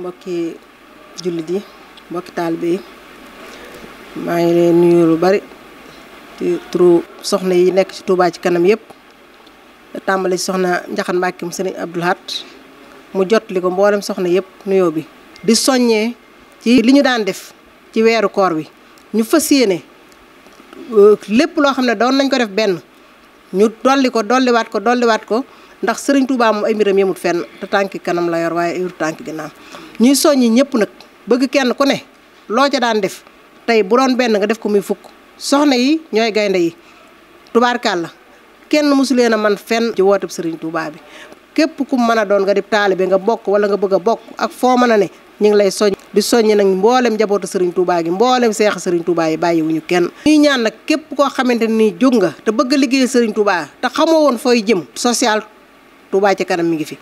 mbokki jullit yi mbokki taalibe yi maa ngi leen nuyu lu bari ci soxna yi nekk ci Touba ci kanam yëpp tàmbali soxna Njaxan Mbàkke mu sëriñ Abdul Ahad mu jotli ko mboolem soxna yëpp nuyoo bi di soññee ci li ñu daan def ci weeru koor wi ñu fas yéene euh, lépp loo xam ne doon nañ ko def benn ñu dolli ko dolliwaat ko dolliwaat ko ndax sëriñ Touba moom ay mbiram yemut fenn te tànki kanam la yor waaye ayur tànki ginnaaw ñuy soññi ñëpp nag bëgg kenn ku ne loo ca daan def tey bu doon benn nga def ko muy fukk soxna yi ñooy gaynde yi la kenn mosu leen a man fenn ci wooteb sëriñ Touba bi képp ku mën a doon nga di taalibe nga bokk wala nga bëgg bokk ak foo mën ne ñu ngi lay soññ di soññ nag mboolem njabootu Serigne Touba gi mboolem seex Serigne Touba yi bàyyiwuñu kenn. ñuy ñaan nag képp koo xamante ni jóg nga te bëgg liggéey Serigne Touba te xamoo woon fooy jëm social. Touba ci kanam mi ngi fi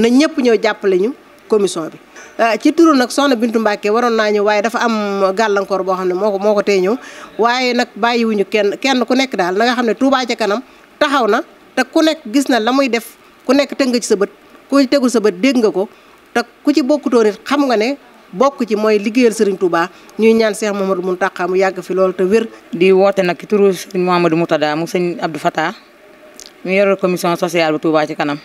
na ñëpp ñëw jàppale ñu commission bi ah, ci turu nag soxna Bintu Mbàkke waroon naa ñëw waaye dafa am gàllankoor boo xam ne moo ko moo ko tee ñëw waaye nag bàyyiwuñu kenn kenn ku nekk daal na nga xam ne Touba ca kanam taxaw na te ku nekk gis na la muy def ku nekk teg nga ci sa bët ku tegu sa bët dégg nga ko te ku ci bokkutoo nit xam nga ne bokk ci mooy liggéeyal Serigne Touba ñuy ñaan seex Cheikh Mamadou Mountakha mu yàgg fi loolu te wér. di woote nag ci turu Serigne Mamadou Moutada mu sëñ Abdou Fatah mu yorul commission sociale bu Touba ci kanam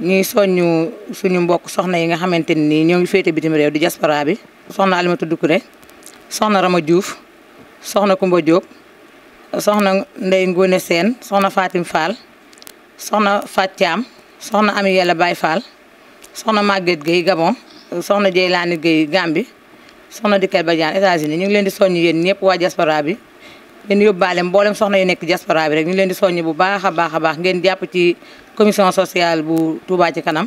ñuy soññu suñu mbokk soxna yi nga xamante ni ñoo ngi féete bitim réew di diaspora bi. soxna Alimatu Dukure soxna Rama Diouf soxna Kumba Diop soxna Ndey Ngone Seen soxna Fatim Fall soxna Fat Thiam soxna Ami Yàlla Baye Fall soxna Maguette Gueye Gabon soxna Jeylani Gueye Gambie soxna ba Badiane États-Unis ñu ngi leen di soññu yéen ñëpp waa diaspora bi. leen yóbbaale mboolem soxna yu nekk diaspora bi rek ñu leen di soññ bu baax a baax a baax ngeen jàpp ci commission sociale bu Touba ci kanam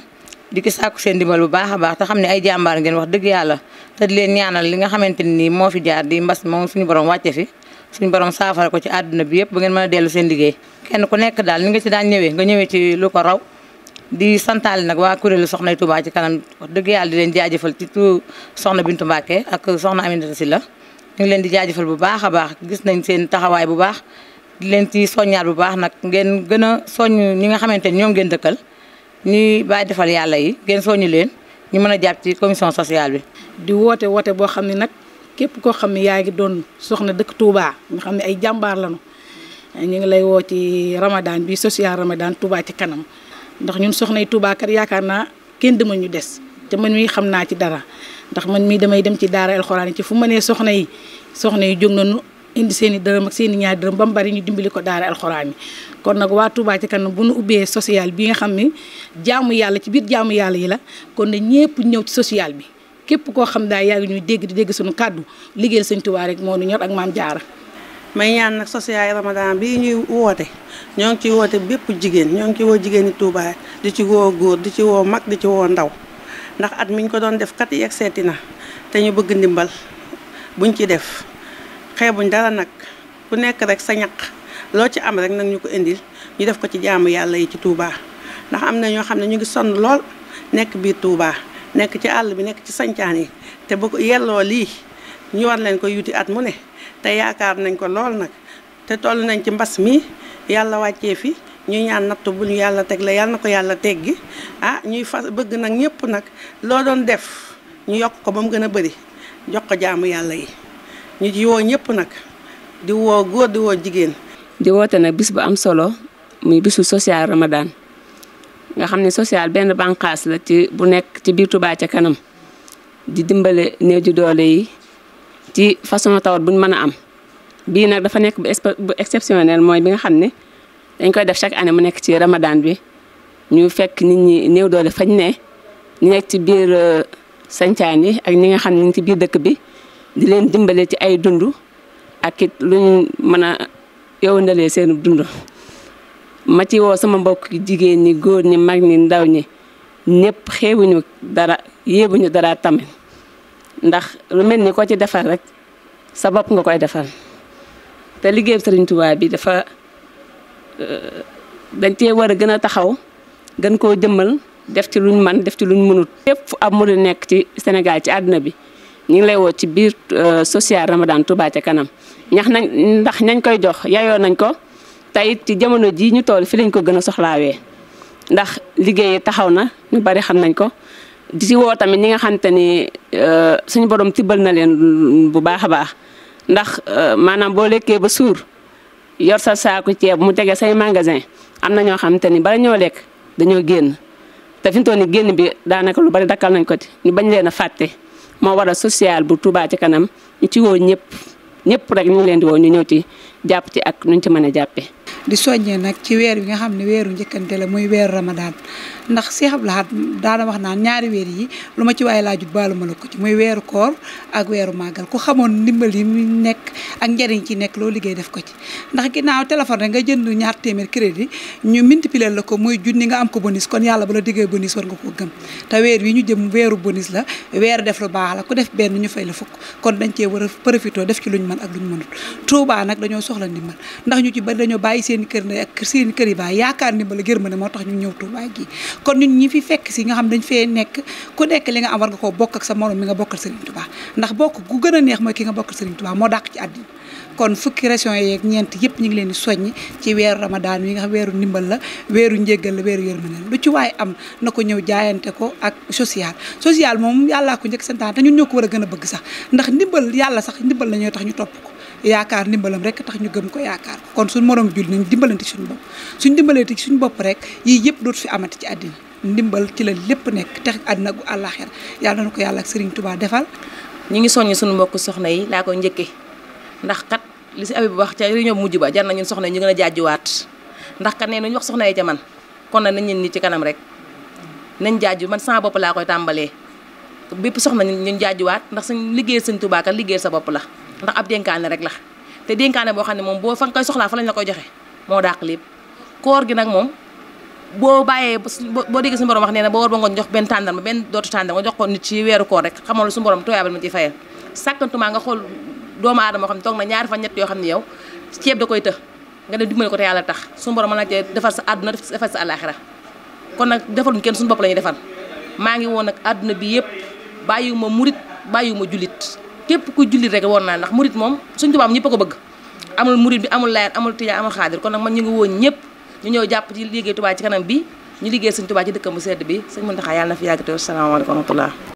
di ki sàkku seen dimbal bu baax a baax te xam ne ay jàmbaar ngeen wax dëgg yàlla te di leen ñaanal li nga xamante ni moo fi jaar di mbas moom suñu borom wàcce fi suñu borom saafara ko ci àdduna bi yëpp ba ngeen mën a dellu seen liggéey kenn ku nekk daal ni nga ci daan ñëwee nga ñëwee ci lu ko raw di santaale nag waa kuréelu soxna Touba ci kanam dëgg yàlla di leen jaajëfal ci tout soxna Bintu Mbacke ak soxna Aminata Sylla ñu leen di jaajëfal bu baax a baax gis nañ seen taxawaay bu baax di leen ci soñaal bu baax nag ngeen gën a soññ ñi nga xamante ni ñoom ngeen dëkkal ñuy bàyyi defal yàlla yi ngeen soññu leen ñu mën a jàpp ci commission sociale bi. di woote woote boo xam ne nag képp koo xam ne yaa ngi doon soxna dëkk Touba nga xam ne ay jàmbaar lañu ñu ngi lay woo ci Ramadan bi social Ramadan Touba ci kanam ndax ñun soxna Touba kat yaakaar naa kenn dama ñu des te man mii xam naa ci dara. ndax man mii damay dem ci daara alxuraan ci fu ma nee soxna yi soxna yi jóg nañu indi seen i dërëm ak seeni i ñaari dërëm ba mu bari ñu dimbali ko daara alxuraan yi kon nag waa Touba ci kanam bu nu ubbee social bi nga xam ne jaamu yàlla ci biir jaamu yàlla yi la kon ne ñëpp ñëw ci social bi képp koo xam daal yaa ngi ñuy dégg di dégg suñu kàddu liggéeyal Sëñ Touba rek moo nu ñor ak maam jaara may ñaan nag social ramadan bi ñuy woote ñoo ngi ci woote bépp jigéen ñoo ngi ci woo jigéen ñi di ci woo góor di ci woo mag di ci woo ndaw ndax at mi ñu ko doon def kat yegg seeti na te ñu bëgg ndimbal buñ ci def xeebuñ dara nag ku nekk rek sa ñaq loo ci am rek nag ñu ko indil ñu def ko ci jaamu yàlla yi ci tuubaa ndax am na ñoo xam ne ñu ngi sonn lool nekk biir tuubaa nekk ci àll bi nekk ci sancaan yi te bu ko yelloo lii ñu war leen ko yuti at mu ne te yaakaar nañ ko lool nag te toll nañ ci mbas mi yàlla wàccee fii ñuy ñaan nattu bu ñu yàlla teg la yàlla na ko yàlla teggi ah ñuy fas bëgg nag ñëpp nag loo doon def yokk ko ba mu gën a bëri jox ko jaamu yàlla yi ñu ci ñëpp nag di woo góor jigéen. di woote bis bu am solo muy bisu social Ramadan nga xam ne social benn bànqaas bu nekk ci biir Touba ca kanam di dimbale néew doole yi ci façon tawat bu mën a am bii nag dafa nekk bu exceptionnel mooy bi nga xam ne. dañ koy def chaque année mu nekk ci ramadan bi ñu fekk nit ñi néew doole fañ ne ñu nekk ci biir euh, sancaan yi ak ñi nga xam ne ñu ngi ci biir dëkk bi di leen dimbale ci ay dund ak it luñ mën a yowandalee seen dund. ma ci woo sama mbokk jigéen ñi góor ñi mag ni ndaw ñi ñëpp xeebuñu dara yéebuñu dara tamit ndax lu mel ni ko ci defar rek sa bopp nga koy defar te liggéey Sëriñ Tuubaa bi dafa. dañ cee war a gën a taxaw gën koo jëmmal def ci luñ man def ci luñ mënut yëpp fu ab murid nekk ci Sénégal ci àdduna bi ñu ngi lay woo ci biir euh, social Ramadan Touba ca kanam ñax nañ ndax nañ koy jox yayoon nañ ko tey ci jamono jii ñu tool fi lañ ko gën a soxlaawee ndax liggéey taxaw na ñu bari xam nañ ko di ci woo tamit ñi nga xamante ni euh, suñu borom tibbal na leen bu baax a baax ndax euh, maanaam boo lekkee ba suur yor sa saaku ceeb mu tege say magasin am na ñoo xam te ni bala ñoo lekk dañoo génn te fi yi génn bi daanaka lu bari dakkal nañ ko ci ñu bañ leen a fàtte moo waral social bu Touba ci kanam ñu ci woo ñëpp ñëpp rek ñu ngi leen di woo ñu ñëw ci jàpp ci ak nuñ ci mën a jàppee. di soññee nag ci weer bi nga xam ne weeru njëkkante la muy weeru ramadaan ndax Cheikh Abdou Lahad daana wax naan ñaari weer yi lu ma ci waaye laa baalu ma la ko ci muy weeru koor ak weeru màggal ku xamoon ndimbal yi mu nekk ak njëriñ ci nekk loo liggéey def ko ci ndax ginnaaw téléphone rek nga jënd ñaar téeméer crédit ñu multiplier la ko muy junni nga am ko bonus kon yàlla bu la diggee bonus war nga koo gëm te weer wi weeru bonus la weer def lu baax la ku def benn ñu fay la fukk kon dañ cee war a profité def ci luñ mën ak luñ mënut Touba nag dañoo soxla ndimbal ndax ñu ci bari dañoo bàyyi seen kër ne ak kër yi baay yaakaar ndimbal gërëm ne moo tax ñu ñëw Touba gi kon ñun ñi fi fekk si nga xam dañ fee nekk ku nekk li nga am war nga koo bokk ak sa morom mi nga bokkal Serigne Touba ndax bokk gu gën a neex mooy ki nga bokkal Serigne Touba moo dàq ci àddina kon fukki régions yeeg ñeent yëpp ñu ngi leen di soññ ci weeru ramadaan yi nga xam weeru ndimbal la weeru njéggal la weeru yërmande la lu ci am na ko ñëw jaayante ko ak social social moom yàllaa ko njëkk santaan te ñun ko war a a bëgg sax ndax ndimbal yàlla sax ndimbal la ñoo tax ñu topp ko yaakaar ndimbalam rek tax ñu gëm ko yaakaar kon suñ moroom jul nañ dimbalante suñu bopp suñ dimbalante ci suñu bopp rek yii yëpp dootu fi amati ci àddina ndimbal ci la lépp nekk tex ak gu àllaaxira yàlla na ko yàlla ak Serigne Touba defal ñu ngi soññi suñu mbokk soxna yi laa ko njëkkee ndax kat li si abi bu wax ca réunion bu mujj ba jar na ñun soxna ñu gën a jaajuwaat ndax kat nee nañu wax soxna yi ca man kon na nañ ñen ñi ci kanam rek nañ jaaju man sama bopp laa koy tàmbalee bépp soxna ñun jaajuwaat ndax suñ liggéey sëñ Tuubaa liggéey sa bopp la ndax ab dénkaane rek la te dénkaane boo xam ne moom boo fa nga koy soxlaa fa lañ la koy joxe moo dàq lépp koor gi nag moom boo bàyyee boo déggee suñu borom wax nee na boo war ba ngoon jox benn tàndarma benn dootu tàndarma nga jox ko nit ci weeru koor rek xamoo lu suñu borom tuyaabal ma doomu aadama xam ne toog na ñaari fan ñett yoo xam ne yow ceeb da koy të nga dem dimbale ko te yàlla tax suñu borom mën na cee defar sa àdduna defar sa àllaaxira kon nag defaluñ kenn suñu bopp la defal maa ngi woon nag àdduna bi yëpp bàyyiwuma murit bàyyiwuma jullit képp ku jullit rek woon naa ndax murit moom suñ tubaab ñëpp ko bëgg amul murit bi amul laayat amul tijaan amul xaadir kon nag man ñu ngi woon ñëpp ñu ñëw jàpp ci liggéey Touba ci kanam bi ñu liggéey suñ Touba ci dëkkam bu sedd bi sëñ Muntaxa yàlla na fi yàgg te salaamaaleykum wa rahmatullah